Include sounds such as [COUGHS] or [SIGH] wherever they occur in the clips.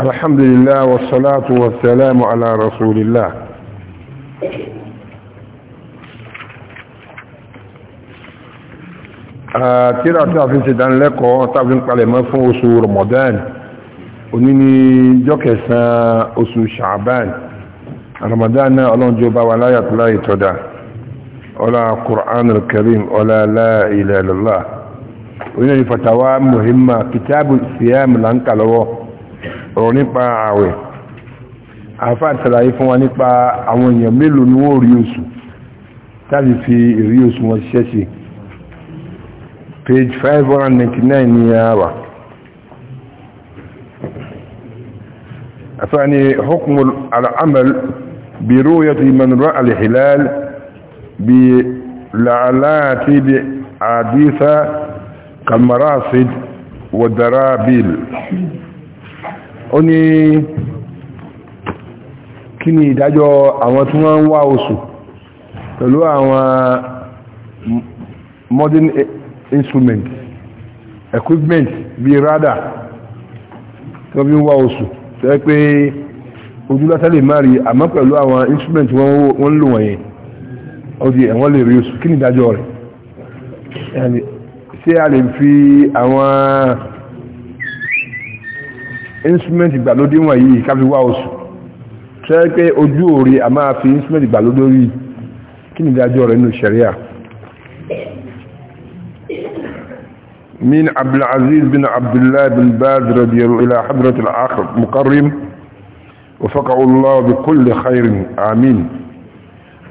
الحمد لله والصلاة والسلام على رسول الله tíra tí a fi ṣe dánilẹ́kọ̀ọ́ tàbí palẹ̀mọ́ fún oṣù Ramadan òní ni jọ́ kẹsàn-án oṣù Sha'ban Ramadan náà ọlọ́njọ́ bá wà láyàtọ̀ láyé tọ́dá ọlá Qur'an al-Karim ọlá la ilaha illallah òní ni fatawa muhimma kitabu siyam lankalowo ọ̀rọ̀ nípa ààwẹ̀ àfá àtàlàyé fún wa nípa àwọn èèyàn mélòó ni wọ́n rí oṣù tàbí fi rí oṣù wọn ṣiṣẹ́ sí page 599 ni a wà àfá ni hukm al'amal bí rúyàtí ìmọ̀nàrọ̀ alìhìláàlì bí làláàtí bí àdísà kalmarasid wàdárábìl ó ní kí ni ìdájọ́ àwọn tí wọ́n ń wá oṣù pẹ̀lú àwọn modern instrument equipment bíi radar tí wọ́n fi ń wá oṣù tó yẹ pé ojúlátà lè má rí àmọ́ pẹ̀lú àwọn instrument wọ́n ń lò wọ̀nyẹn ó di ẹ̀wọ́n lè rí oṣù kí ni ìdájọ́ rẹ̀ ṣé a lè fi àwọn instrument ìgbàlódé wọ̀nyí káfí wá oṣù tó yẹ pé ojú òòrè a máa fi instrument ìgbàlódé rí kí ni ìdájọ́ rẹ̀ nínú sharia من عبد العزيز بن عبد الله بن باز رضي الله إلى حضرة الآخر مكرم وفقه الله بكل خير آمين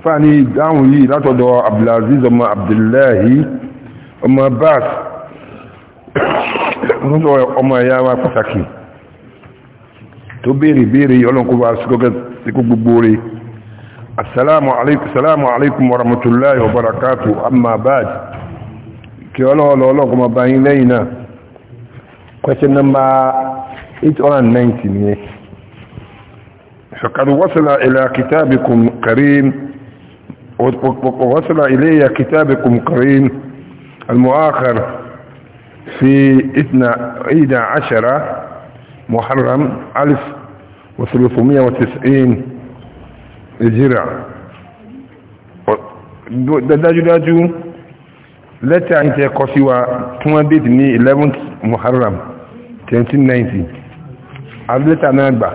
فاني دعوه لا تدعو عبد العزيز وما عبد الله وما باز ọmọ ẹ̀yà [COUGHS] wa pàtàkì tó béèrè béèrè ọlọ́nkọ́bà síkò gbogbo rẹ̀ assalamu alaikum wa rahmatullahi wa barakatuh amma ba'd kí ọlọ́ọ̀lọ́ ọlọ́kọ́mọ bá yín lẹ́yìn náà question number 890 ni فقد وصل إلى كتابكم كريم ووصل إلي كتابكم كريم المؤخر في 12 محرم ألف وثلاثمية وتسعين هجرة dájú dájú lẹ́tà ń tẹ́ kọ sí wa tí wọ́n dìtì ní 11th Muharram 1990 alẹ́tà náà gbà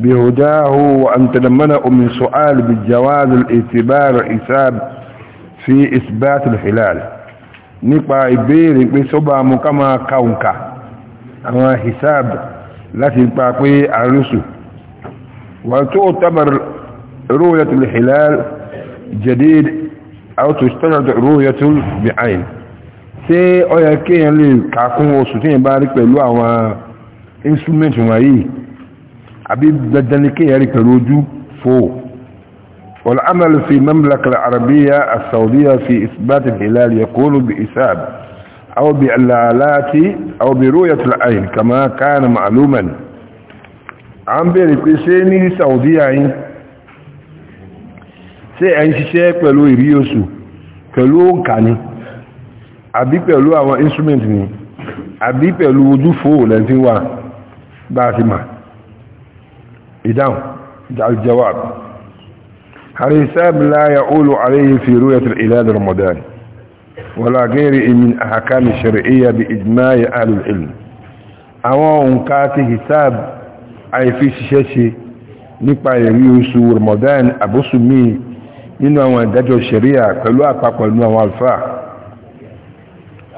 bí hùdá hù an tàdàmánà omin sọ́ál bí jawazul itibar isab fi isbatul hilal nípa ìbéèrè pé sọ́bà mú ká máa kàunka àwọn hisab láti pa pé àrísù wọ́n tó tabar rúyẹ̀tù hilal jadid àwọ̀tò standard rúyẹ̀tù bi'ain tí ó yẹ kéèyàn lè kàkún oṣù tí yẹn bá rí pẹ̀lú àwọn instrument wọ̀nyí àbí dandan ni kéèyàn rí pẹ̀lú ojú fòó والعمل في المملكة العربية السعودية في إثبات الهلال يكون بإساب أو بالآلات أو برؤية العين كما كان معلوما عم بيركسيني سعودية عين ṣé ẹ̀ ń ṣiṣẹ́ كاني ìrí oṣù pẹ̀lú òǹkà ni àbí pẹ̀lú àwọn instrument ni àbí pẹ̀lú ojúfò lẹ́ntí wà bá a ti mà ìdáhùn jawab àrísẹ́ bí láyà ó lò fi rú ẹ̀tìlẹ̀ ìlàdà Ramadan ولا غير من أحكام الشرعية بإجماع أهل العلم أوان كاتي حساب أي في شيشي nípa ìrí oṣù Ramadan àbúsùmí nínú àwọn ìdájọ́ sharia pẹ̀lú àpapọ̀ ìlú àwọn الفا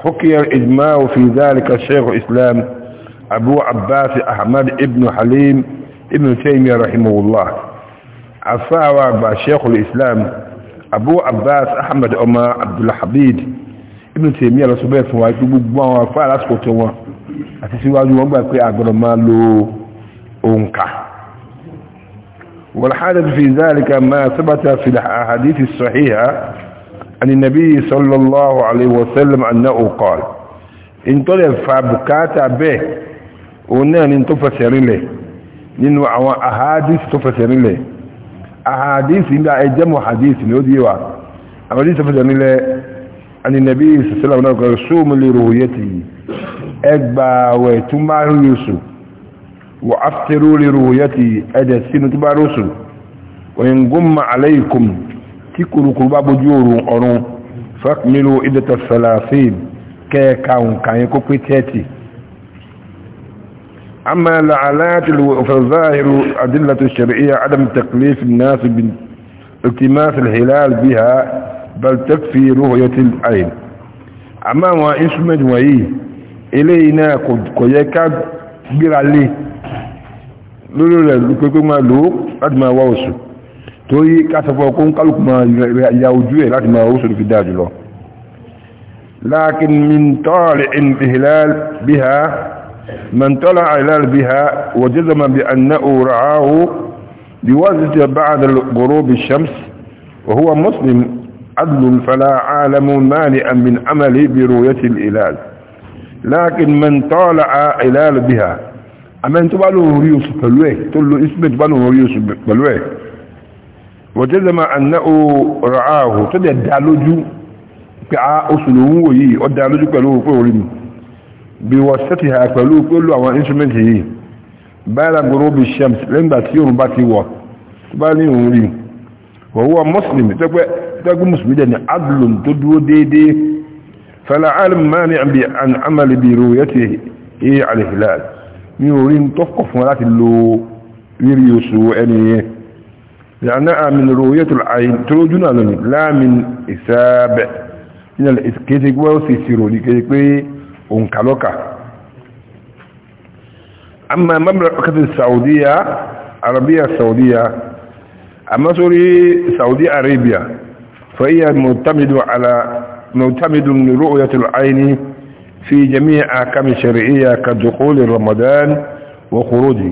حكي الإجماع في ذلك الشيخ الإسلام أبو عباس أحمد ابن حليم ابن تيمية رحمه الله عفاوة بشيخ الإسلام abu abbas ahmed ọmọ abdulhabid ibn tèmi alọ́sọ bẹ́ẹ̀ fún wa ikú gbogbo àwọn afọ́ alásìkò tó wọn àti síwájú wọn gbà pé àgbọ̀dọ̀ máa lo òǹkà والحادث في ذلك ما ثبت في الحديث الصحيحة عن النبي صلى الله عليه وسلم أنه قال إن طلب فبكات به ونان انتفسر له ننوع أحاديث تفسر له ahadisi ń bá ẹjẹ́ mọ̀ hadisi ni ó di wa àwọn ìdí sọfẹ́jọ nílẹ̀ àni nàbí ìsìsílẹ̀ náà kọ́ sóòmù lè rò yẹ ti ẹgbà wẹ̀ tún bá rí oṣù wọ afẹ́rú lè rò yẹ ti ẹ̀dẹ̀ sínú tún bá rí oṣù wọ́n tí kùrùkùrù bá bójú òrùn ọ̀run fẹ́kùnmílò ìdẹ̀tọ̀ sàlàfíì kẹ́ẹ̀ka òǹkà yẹn kó pé 30 أما لعلات الظاهر أدلة الشرعية عدم تكليف الناس بالتماس الهلال بها بل تكفي رؤية العين أما ما اسمه وهي إلينا قد قيكا برالي لولا لكوكو ما لوك قد ما واوسو توي كاسفو كون قلوك ما يوجوه لات ما واوسو في داجلو لكن من طالع الهلال بها من طلع علال بها وجزم بأنه رعاه بواسطة بعد غروب الشمس وهو مسلم عدل فلا عالم مانئا من عمله برؤية الإلال لكن من طالع علال بها أما أنت بقاله ريوس بلوه تقول له اسمه بقاله ريوس بلوه وجزم أنه رعاه تدى الدالوجو بقى أسلوه ويه والدالوجو قالوه بواسطتها أكبروا كله أو الانسومنت هي بالا غروب الشمس لين باتي يوم باتي وقت بالي يوم وهو مسلم تقوى تقوى مسلم يعني عدل تدو دي دي فلا عالم مانع عن عمل برؤيته إيه على الهلال يورين تفقف مرات اللو يريسو أني لأنها من رؤية العين تلوجنا لا من إسابة إن الإسكيتك وسيسيروني كيكوي òǹkàlọ́kà amma mamlakatu saudiya arabiya saudiya amma sórí saudi arabia fa'iyya mutamidu ala mutamidu ru'yatul aini fi jami'a ahkam shar'iyya ka dukhul ramadan wa khuruji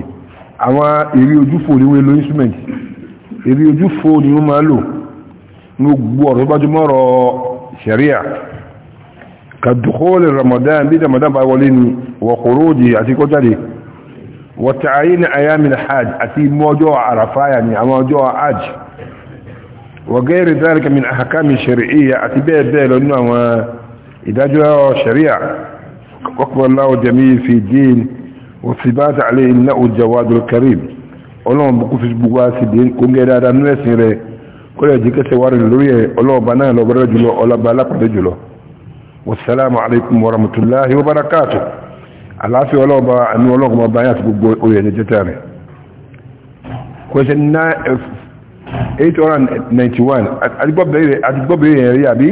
àwọn eri ojú fo ni we lo instrument eri ojú fo o ma lo gbogbo ọ̀rọ̀ bá sharia كدخول رمضان بدأ رمضان بأولين وخروجي أتي كتلي وتعيين أيام الحاج أتي موجوع عرفة يعني موجوع حاج وغير ذلك من أحكام الشرعية أتي بيه بيه لأنه إذا جاء شريعة وقبل الله جميل في الدين والثبات عليه إنه الجواد الكريم ọlọ́run bukú fi gbogbo àsìdí kóngẹ́ dáadáa nínú ẹ̀sìn rẹ̀ kọ́lẹ̀ jíkẹ́sẹ̀ wárin lórí ẹ̀ ọlọ́ọ̀bá náà lọ bọ́rẹ́ jùlọ ọlọ́ba alápàdé jùlọ والسلام عليكم ورحمة الله وبركاته العافية ولو با أن ولو ما بيات بقوية جتاني question 891 àdìgbọ́bẹ̀ rẹ̀ rí àbí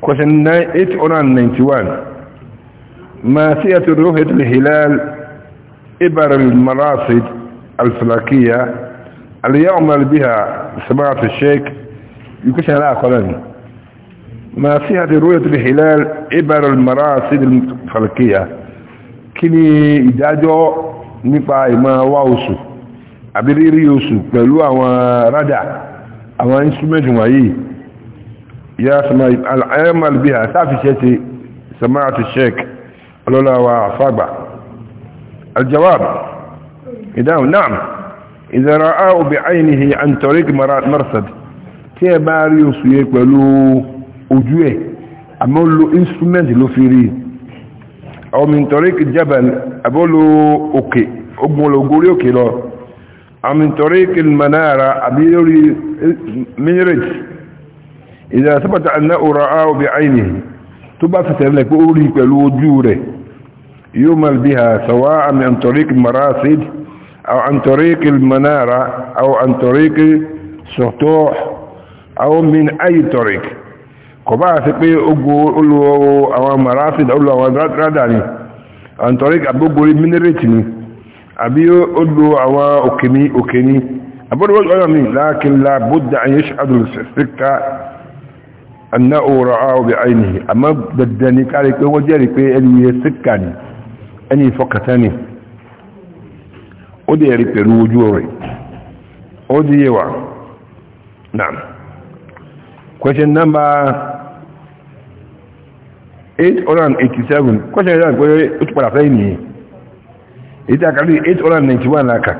question 891 ما سيئة الروح الهلال إبر المراصد الفلكية اللي يعمل بها سماعة الشيخ يكشن لها قلني ما فيها رؤية الهلال عبر المراسل الفلكية كني إداجو نقع ما واوسو àbírírí oṣù pẹ̀lú àwọn rádà àwọn instrument wọ̀nyí ya sama al'ayyamal biya sáfiṣẹ́ ti samaratu sheik alọ́lawa fagba aljawab idan na'am ìzara áwọ̀ bí ainihi an tariq marsad tí ẹ bá rí oṣù yẹ pẹ̀lú ojú ẹ̀ àmọ́ lo instrument ló fi rí ọmọ ìtọ́ríkì jabal àbọ́lò òkè ogunlógórí òkè lọ ọmọ ìtọ́ríkì manara àbí lórí minaret ìdára sábàtà àná òrò àwọn obì àìní tó bá fi tẹ̀lẹ̀ pé orí pẹ̀lú ojú rẹ̀ yóò mal bí ha sọ̀wá àmì ìtọ́ríkì marasid أو عن طريق المنارة أو sọ̀tọ́ àwọn سطوح أو من أي طريق kọba àti pé ogbò olùwọ́ àwọn marasid olùwọ́ àwọn rádà ni antoric agbógbórí minerate ni àbí olùwọ́ àwọn òkè ní òkè ní abúrúwọ́ ọ̀yọ́ mi láàkín láàbúdà àyè ṣàdùn síkà anna òòrọ̀ àwọn obì àìní àmọ́ dandan ni kárí pé wọ́n jẹ́rìí pé ẹni question number 887 kọ́ṣẹ́ ìdáwọn pé ó ti padà sẹ́yìn nìyẹn èyí tí a kàrí 891 láàkà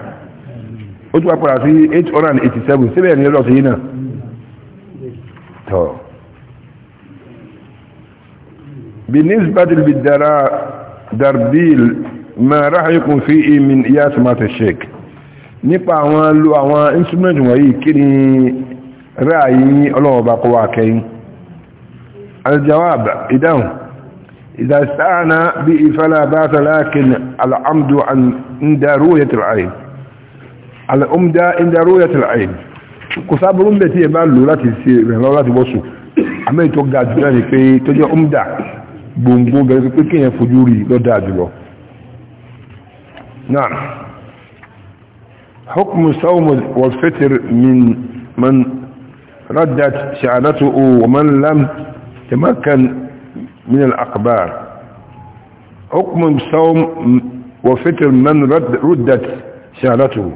ó ti padà sí 887 síbẹ̀ ní ọlọ́sẹ̀ yìí náà tọ́ bí nísbàtìl bí dára darbil ma ráhàyíkún fi imin iya samata sheik nípa àwọn lo àwọn instrument wọ̀nyí kí ni ráàyí ọlọ́wọ́ bá kọwàá kẹyìn aljawab ìdáhùn إذا استعنى به فلا بأس لكن العمد عن عند روية العين الأمدى عند روية العين كثاب الأمدى تيبان لولاتي بوسو أما يتوقع جلاني يعني في تجي أمدى بوم بوم بوم بوم كي يفجوري لو داجلو نعم حكم صوم والفتر من من ردت شعنته ومن لم تمكن من الأقبار حكم بصوم وفطر من رد ردت شهرته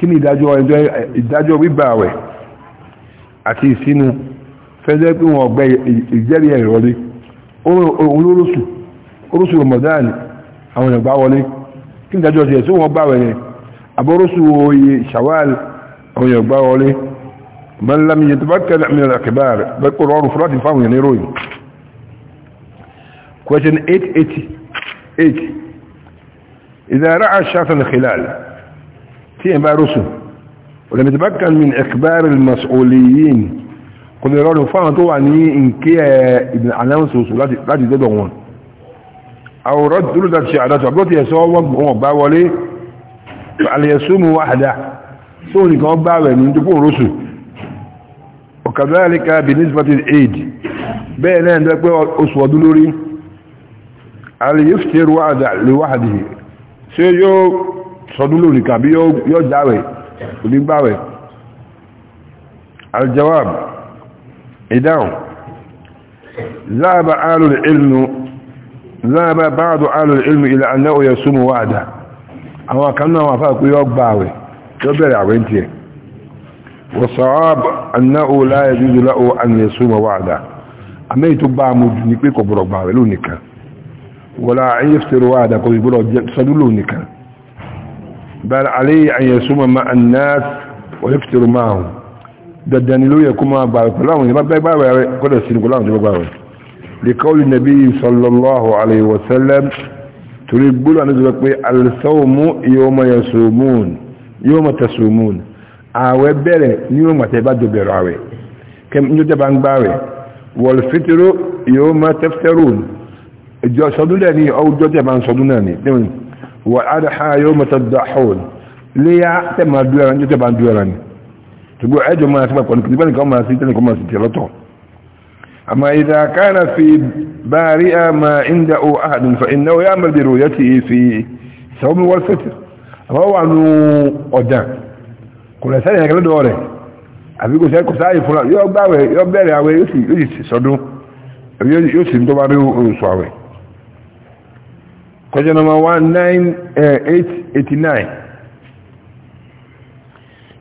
kí ni ìdájọ́ gbígbààwẹ̀ àti ìsínú fẹ́jẹ́ pé wọn ọ̀gbẹ́ ìjẹ́rí ẹ̀ wọlé olórùsù orùsù Ramadan àwọn ìgbà wọlé kí ni ìdájọ́ ti ẹ̀sùn wọn gbààwẹ̀ yẹn àbórùsù oye Shawwal àwọn ìgbà wọlé mọ́lámi yẹtùbákẹ́lẹ̀ àmì question 888 إذا رأى الشخص الخلال تيهم بقى ولم يتمكن من إخبار المسؤولين قل يرون فهم طوعا إن كي ابن علامة رسول لا تددون أو رد له ذات شعرات وعبدت يسوى هو باولي فعلى يسوم واحدة سوني كما باولي من تكون رسل وكذلك بنسبة للعيد بينا أن تكون أسود لوري هل يفطر لوحده ṣe yóò sọdún lórí kàbí yóò jáwẹ̀ onígbàwẹ̀ aljawab ìdáhùn záàbà alùl ilmù záàbà báàdù alùl ilmù awa anáwò yẹ súnmù wáàdá àwọn kanáà wà fàákú yóò gbàwẹ̀ yóò bẹ̀rẹ̀ àwẹ̀ tí ẹ وصعاب أنه لا يجوز له أن يصوم وعدا أما يتبع مجنبك وبرقبه لونك ولا يفتر وعدا كوي بلو صدلو نكا بل عليه أن يصوم مع الناس ويفتر معهم دداني لو يكما بالكلام يبقى بابا كده سين كلام بابا لقول النبي صلى الله عليه وسلم تريد بلو أن يزبق الصوم يوم يصومون يوم تصومون ààwẹ̀ bẹ̀rẹ̀ ní òun àtẹ́bá dòbẹ̀rẹ̀ ààwẹ̀ kẹm ní ó jẹba ń gbáwẹ̀ wọ̀lfítíró yóò máa tẹ́fẹ́rún ìjọ sọdún lẹ́ ní ọjọ́ tẹ́ máa ń sọdún náà ní lẹ́wọ̀n wà ádáha yóò mọ́ta dáhùn léyà tẹ́ máa dúró ẹran tẹ́ máa dúró ẹran ní ṣùgbọ́n ẹjọ́ máa sí pàpọ̀ nípa nìkan máa sí tẹ́nìkan máa sì tẹ́ lọ́tọ̀ àmà ìdá kára fi báárí a máa ń dá o àdùn fa iná ya mọ̀ bèrò yá ti fi sọ́mi wọ́n sọ́tì àmọ́ wà nù ọ̀dà kò lẹ̀ sẹ́yìn rẹ̀ àbí question number 19889 uh,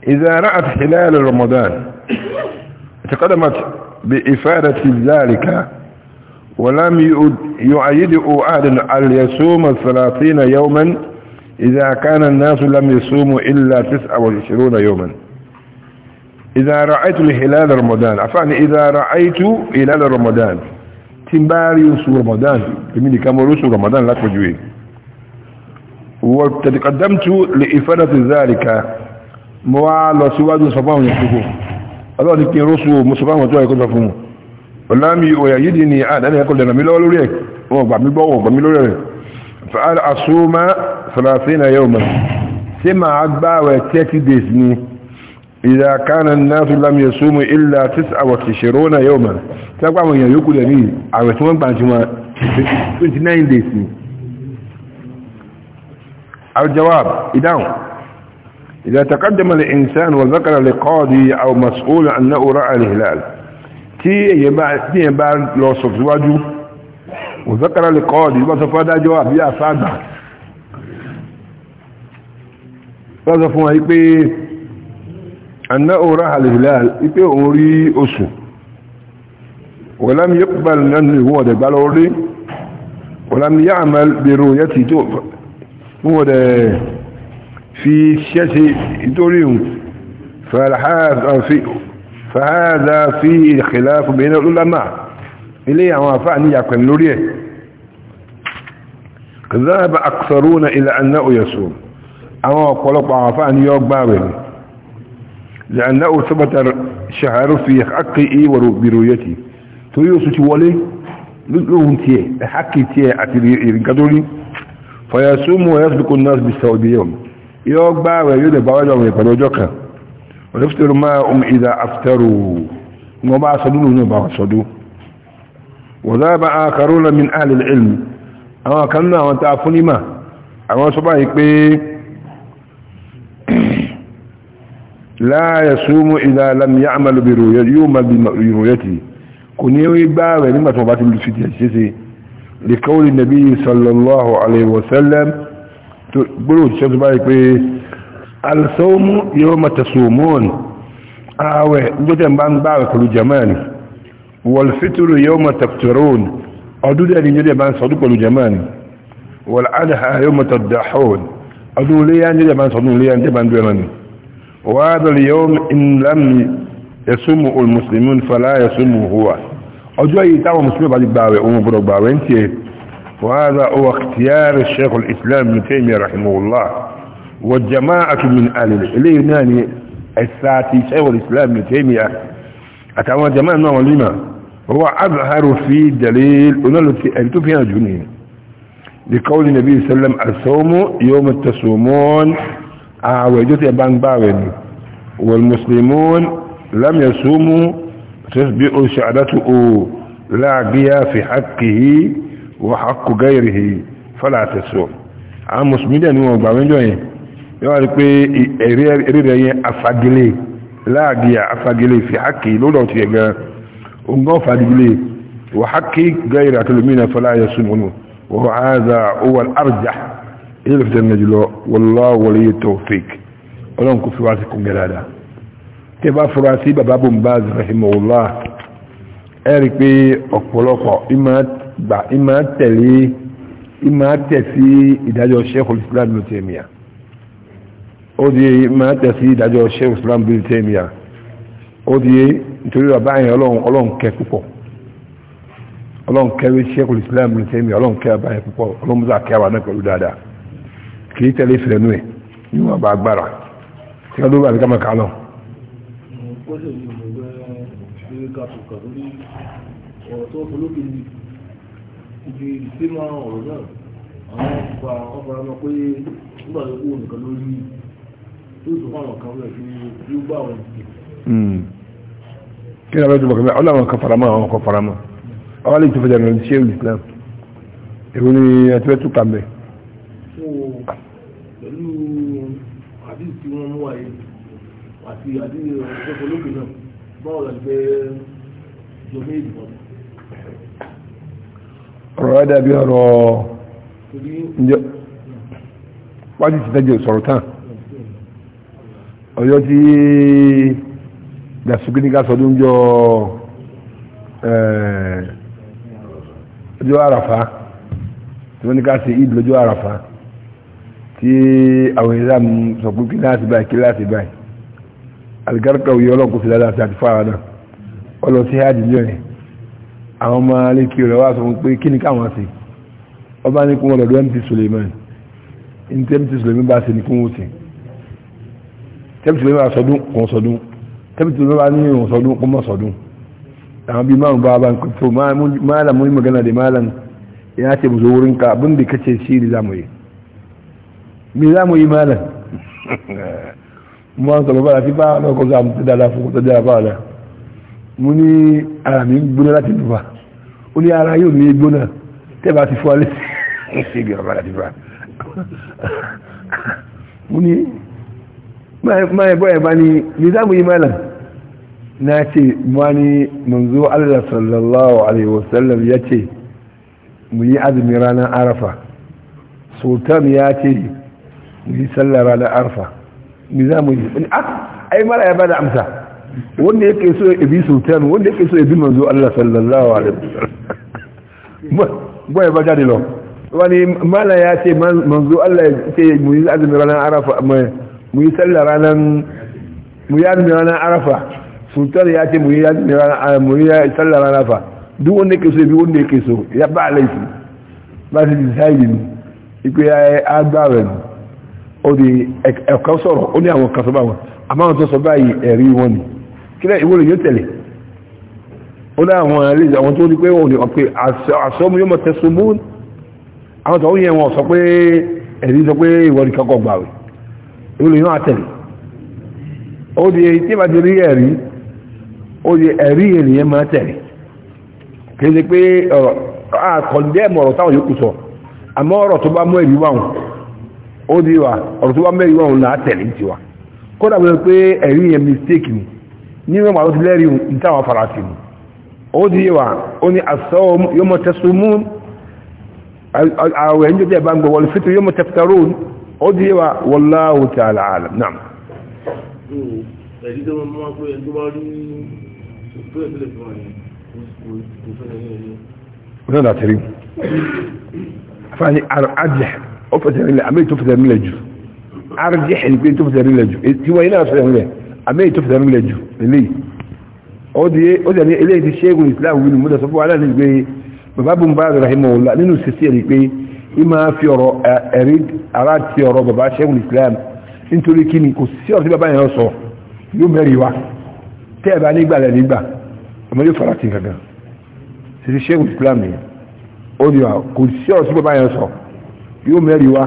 إذا رأت خلال رمضان تقدمت بإفادة ذلك ولم يؤيد أعاد أن يسوم الثلاثين يوما إذا كان الناس لم يصوموا إلا تسعة وعشرون يوما إذا رأيت الهلال رمضان عفوا إذا رأيت هلال رمضان tí n bá rí oṣù ramadan èmi nìkan mọ́ oṣù ramadan lápẹjú ẹ̀ wọ́n tẹ̀tẹ̀kọ̀dámtú lè ìfẹ́dà ti záàríká mọ́ wá lọ síwájú sọfáwọn ìṣòkò ọlọ́ni pín oṣù mọ́sọfáwọn tó ẹ̀kọ́ sọ fún ọlámi òyà yìí ni àdáni ẹ̀kọ́ lẹ́nà mi lọ́wọ́ lórí ẹ̀ إذا كان الناس لم يصوموا إلا تسعة وتشرون يوما تبقى من يقول يعني عوثمان بانتما 29 days الجواب إذا إذا تقدم الإنسان وذكر لقاضي أو مسؤول أنه رأى الهلال تي يبا لو صفواجه وذكر لقاضي ما هذا جواب يا صادق فذا فوا أنه راح الهلال إبي أوري أسو ولم يقبل من هو ده بالوري ولم يعمل برؤيته هو ده في شاشة دوريهم آه، فهذا فيه خلاف بين العلماء إليه وافعني يكون لوريه ذهب أكثرون إلى أنه يسوع أما قلق وافعني يوم بابه لأنه ثبت شعر في حقه برويتي تريوسو تولي لهم تيه حقي تيه أتري فيصوم ويسبق الناس يوم يوك يوقع ويودي بواجههم يقلوجوكا ويفتر ما أم إذا أفتروا وما صدوه نبا صدوه وذهب آخرون من أهل العلم أما كنا وانتعفني ما أما صباحي بيه لا يصوم إذا لم يعمل برؤيته يوم برؤيته كن يباوي لما تبعت الفتية لقول النبي صلى الله عليه وسلم بلو الشمس بايك الصوم يوم تصومون آوه نجتن بان باوي كل جمال والفطر يوم تفطرون أدود أن نجتن بان صدوك كل جمال والعدها يوم تدحون أدود لي أن نجتن بان صدوك لي أن نجتن بان دوامني وهذا اليوم إن لم يسمه المسلمون فلا يسمه هو أجواء يتعوى مسلمين بعد الباوي أمو بروك باوي إيه؟ وهذا هو اختيار الشيخ الإسلام ابن تيمية رحمه الله والجماعة من أهل إليه ناني الساتي شيخ الإسلام ابن تيمية أتعوى جماعة ما ولما هو أظهر في دليل أنه فيها جنين لقول النبي صلى الله عليه وسلم الصوم يوم تصومون ààwẹ̀ ìjọ tí ẹ bá ń gbààwẹ̀ ni wal muslimun lam yasumu tasbi'u sha'datuhu laaghiya fi haqqihi wa haqqi ghayrihi fala tasum àwọn mùsùlùmí dẹ̀ ni wọ́n gbààwẹ̀ jọ yẹn yọ́wà rí pé eré rẹ̀ yẹn afagilé láàgìyà afagilé fi haqqihi lọ́dọ̀ ti ẹ̀gán ilé ló fi tẹ́lẹ̀ jùlọ wallahu waliy tawfiq ọlọ́run kò fi wá sí kúngẹ́ dáadáa tí ẹ bá fura sí baba bò ń bá rahimahullah ẹ rí i pé ọ̀pọ̀lọpọ̀ ìmọ̀ tẹ̀lé ìmọ̀ tẹ̀ sí ìdájọ́ sheikhul islam ó di nítorí bàbá yẹn ọlọ́run púpọ̀ ọlọ́run kẹ́ wí sheikhul islam ibn taymiya ọlọ́run kẹ́ bàbá yẹn púpọ̀ kìí tẹ́lẹ̀ ìfẹ̀lẹ̀nú ẹ̀ níwọ̀n bá agbára tí wọ́n ló wà ní kámàkà náà ibi tí máa ọ̀rọ̀ náà àwọn ọba ọba ọmọ pé nígbà tó kú nìkan lórí tó sọ fún àwọn kan rẹ̀ fi yóò gbà wọn jù. kí ni abẹ́jú bọ̀ kẹ́mẹ́ ọlọ́run kan faramọ́ àwọn kan faramọ́ àwọn lè tó fẹjà ní ṣé ìlú Islam èwo ni ẹtí tún kà tí wọ́n mú wáyé àti àti ìjọba olóògbé náà báwo la gbé ìjọba ìdìbò. ọ̀rọ̀ ẹ̀ dàbí ọ̀rọ̀ ǹjẹ́ wájú ti tẹ́jọ sọ̀rọ̀ tán ọ̀yọ́ tí gbàsókè ní ká sọdún jọ ọjọ́ eh, àràfà tí wọ́n ní ká ṣe ìdìlójọ́ àràfà tí àwọn ìlànà sọ pé kí láti báyìí kí láti báyìí algarka òye ọlọ́kùn fi dáadáa àti fáwọn náà ọlọ sí hajj lónìí àwọn ọmọ alékí rẹ̀ wá sọ pé kí ni káwọn sí ọba ní kí wọ́n lọ́dọ̀ mt suleiman ní mt suleiman bá sí ní kí wọ́n sí mt suleiman bá sọdún kò sọdún mt suleiman bá ní ìwọ̀n sọdún kò mọ̀ sọdún àwọn bíi márùn bá bá ń kò tó máàlà mú magana da máàlà ya ce bu zo wurinka abin da me za mu yi malam mo máa ń sọ̀rọ̀ bára tí bá ọlọ́kọ̀ sáà tó dáadáa fún tó dára bára mo ní ara mi gbóná láti dùbà ó ní ara yóò ní gbóná tẹ́bà ti fún alẹ́ sí ìgbìyànjú bára ti bá mo ní máa ẹ̀bọ́ ẹ̀bá ni me za mu yi malam na ce ma ni manzo Allah sallallahu alaihi wasallam ya ce mu yi azumin ranar arafa sultan ya ce yi sallah ranar arfa ni za mu yi ah, ai mara ya bada amsa wanda yake so ya bi sultan wanda yake so ya bi manzo Allah sallallahu alaihi wasallam ba ya bada dilo wani mala ya ce manzo Allah ya ce mu yi azumi ranar arafa mu yi sallah ranar mu yi azumi ranar arafa sultan ya ce mu yi azumi ranar mu yi sallah ranar arafa duk wanda yake so ya bi wanda yake so ya ba laifi ba su ji sai ne iko ya ne odi ẹ̀kan sọ̀rọ̀ ó ní àwọn kan sọ́bà wọn àmọ́ àwọn tó sọ báyìí ẹ̀rí wọn ni kílẹ̀ ìwọ lè yóò tẹ̀lé ó ní àwọn ẹlẹ́dẹ̀ àwọn tó ní pé wọn ò ní ọ pé àsọmú yóò mọ tẹsán mú àwọn tó ń yẹ wọn sọ pé ẹ̀rí sọ pé ìwọ ní kankan gbà wẹ̀ ìwọ yóò àtẹ̀lé ó di tí ìbá rí ẹ̀rí ó di ẹ̀rí ènìyàn máa tẹ̀lé kì í ṣe pé ọ̀rọ̀ táwọn yòókù sọ àmọ́ ọ̀rọ̀ tó bá mú ẹ̀rí wà wọn ó di wa ọ̀rọ̀ tó bá mẹ́rin wọn là tẹ̀lé ti wa kódà bí wọ́n pé ẹ̀rí yẹn mistake ni ní wọn àwọn tó lẹ́rìí ní táwọn faransé ni ó di wa ó ní asọ́ yóò mọ tẹ̀sùn mú àwẹ̀ ń jẹ́ bá ń gbọ́ wọlé fítò wa alam naam. tó fẹ́ ó fẹsẹ̀ rinlẹ̀ àmì tó fẹsẹ̀ rinlẹ̀ jù arjẹ́ ẹni pé tó fẹsẹ̀ rinlẹ̀ jù tiwọn iná fẹsẹ̀ rinlẹ̀ àmì tó fẹsẹ̀ rinlẹ̀ jù eléyìí ó dẹ̀ ní eléyìí ti ṣẹ́gun islam wínú múlẹ̀ sọ fún wa láti gbé bàbá bùn bá rahimahullah nínú sísí ẹni pé í máa fi ọ̀rọ̀ ẹ̀rí ara ti ọ̀rọ̀ bàbá ṣẹ́gun islam nítorí kí ni kò sí ọ̀rọ̀ tí bàbá yẹn sọ yóò mẹ́rin wá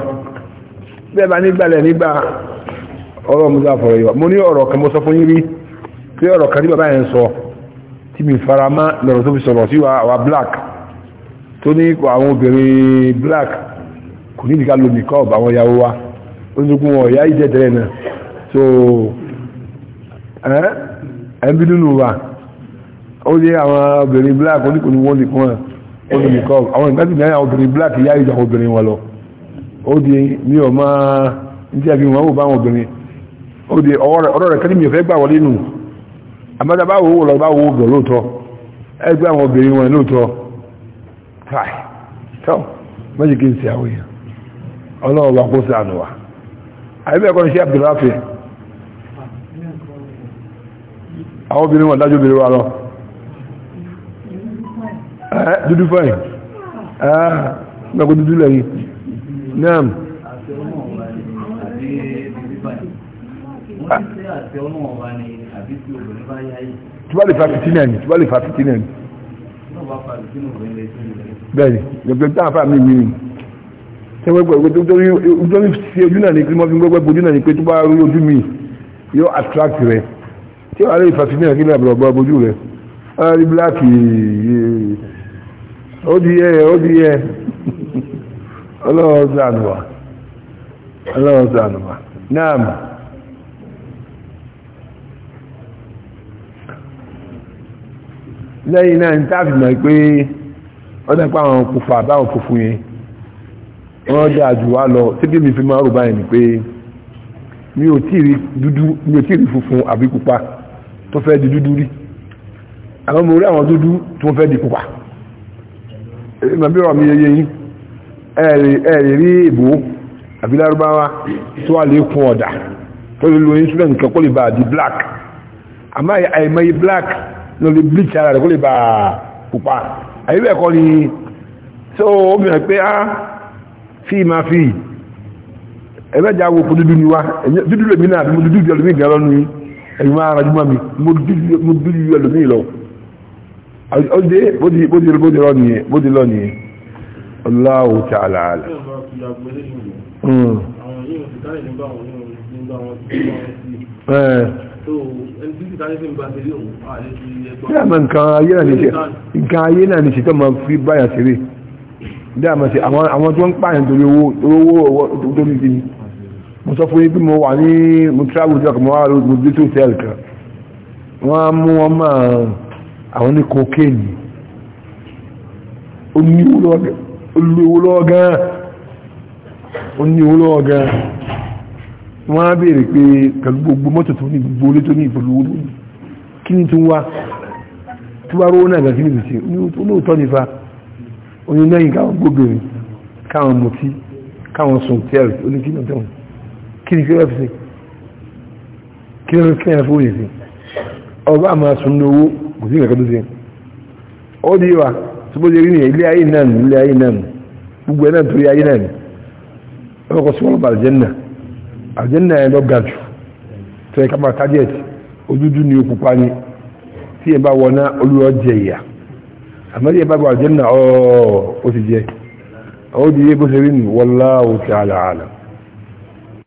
bẹ́ẹ̀ bá nígbàlẹ̀ nígbà ọ̀rọ̀ mú sáfọ̀rọ̀ yìí wá mo ní ọ̀rọ̀ kan mo sọ fún yín pé ọ̀rọ̀ kan ní bàbá yẹn sọ tí mi fara mọ́ lọ́rọ̀ tó fi sọ̀rọ̀ sí wa àwa black tó ní àwọn obìnrin black kò ní ìdíkà lómi kọ́ ọ̀bà àwọn ìyàwó wa ó ní kún wọn ìyá ìjẹ́tẹ̀rẹ̀ náà so ẹ̀ ń bí nínú wa ó ní àwọn obìnrin black ó ní kò ní wọ́n nìkan ó ní kọ́ àwọn ìgbàgbọ́ obìnrin black ìyá ìjọ obìnrin ó di mi ò máa ní tí a fi wọ́n wò bá wọn obìnrin ó di ọ̀rọ̀ rẹ̀ kẹ́lí mi ò fẹ́ gbà wọlé nù àmọ́dá bá wo lọ bá wo bẹ̀ lóòótọ́ ẹ gbé àwọn obìnrin wọn lóòótọ́ táì tọ́ mẹ́jì kí n ṣe àwọn èèyàn ọlọ́run wa kó sànù wa àyẹ̀bẹ̀ kọ́ni ṣe Abdulrafi àwọn obìnrin wọn dájú obìnrin wa lọ dúdú fáyìn mẹ́kọ̀ dúdú lẹ́yìn Naam. Tubali fa fitinẹ ni, tubali fa fitinẹ ni. Bẹ́ẹ̀ni, gbẹ̀gbẹ̀ tí a fà mí mìíràn. Tẹ́wọ́ gbẹ̀gbẹ̀ tó torí ojú fi ojú náà ni pé wọ́n fi gbẹ́gbẹ́ bojú náà ni pé tó bá rí ojú mi yóò attract rẹ̀. Tí wàá rí ìfàfitinẹ kí ní àbúrò bojú rẹ̀. Ẹ rí bíláàkì yìí. Ó di yẹ, ó di yẹ ọlọ́wọ́ sànùwà ọlọ́wọ́ sànùwà náà lẹ́yìn náà tàbí mọ̀ pé ọdẹ́pá àwọn òkùnfà àbáwọn funfun yẹn wọ́n dá àjùwá lọ títí mi fi máa rò báyìí ni pé mi ò tí rí dúdú mi ò tí rí funfun àbí pupa tó fẹ́ di dúdú rí àwọn ọmọ orí àwọn dúdú tó fẹ́ di pupa ìmọ̀ bí ọ̀rọ̀ mi yẹ yẹ yín ẹ̀rì rí ìbò àbí lárúbáwá tó wà lè kún ọ̀dà tó lè lo insulin nǹkan kó lè bá di black àmọ́ àìmọye black ló lè bleach ara rẹ̀ kó lè bá pupa àyíbẹ̀ kọ́ ni tó obìnrin pé á fi máa fi ẹ̀mẹ́jà wo kó dúdú ni wá dúdú lèmi náà mo dúdú lèmi gan lọ́nu yìí ẹ̀yìn máa rajú mọ́ mi mo dúdú lèmi lọ ọdẹ bó ti lọ nìyẹn Allahu ta'ala ala dáàmà nǹkan ayé náà ní ṣe nǹkan ayé náà ní ṣe tó ma fi báyà ṣeré dáàmà sí àwọn tó ń pààyàn torí owó tó ní ti ní mo sọ fún yín pé mo wà ní mo travel jọ kọmọ wà mo dé tó hotel kan wọ́n á mú wọn máa àwọn ní cocaine ó ní wúlọ́gẹ̀ẹ́ olówó lọ́wọ́ gan-an ó ní owó lọ́wọ́ gan-an wọ́n á béèrè pé pẹ̀lú gbogbo mọ́tò tó ní gbogbo olé tó ní ìpẹ̀lú owó kí ni tó ń wá tí wàá rówó náà gan kí ni kò sí olóòótọ́ nípa oyún lẹ́yìn káwọn gbóbìnrin káwọn mutí káwọn sùn tẹ́rì oníkìlọ̀ tẹ́wọ̀n kí ni kí wọ́n fi ṣe kí ni kí wọ́n fún òyìn sí ọba àmà sùn ní owó bó ṣe rí ní ilé ayé náà nù ilé ayé náà nù gbogbo ẹ̀ náà torí ayé náà nù ẹ̀ kọ́ sọ́wọ́n bá àlùjẹ́nà àlùjẹ́nà ẹ̀ lọ ga jù tó ẹ̀ ká máa target ojúdú ni òpupa ni tí ẹ̀ bá wọ ná olúwa jẹ ìyà àmọ́ ẹ̀ bá wọ àlùjẹ́nà ọ̀ọ́ ó ti jẹ ó di iye bó ṣe rí nù wallahu ta'ala alam